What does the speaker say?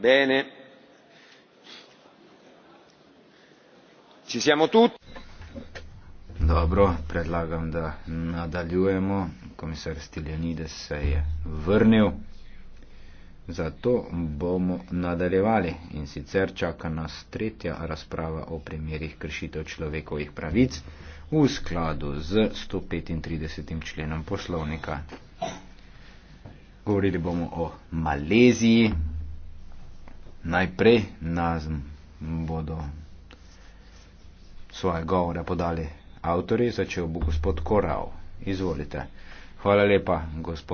bene ci siamo tutti dobro predlagam da nadaljujemo komisar Stiljanides se je vrnil Zato bomo nadaljevali in sicer čaka nas tretja razprava o primerih kršitev človekovih pravic v skladu z 135. členom poslovnika. Govorili bomo o Maleziji, najprej nas bodo svoje govore podali avtori, začel bo gospod Korav. Izvolite. Hvala lepa, gospod.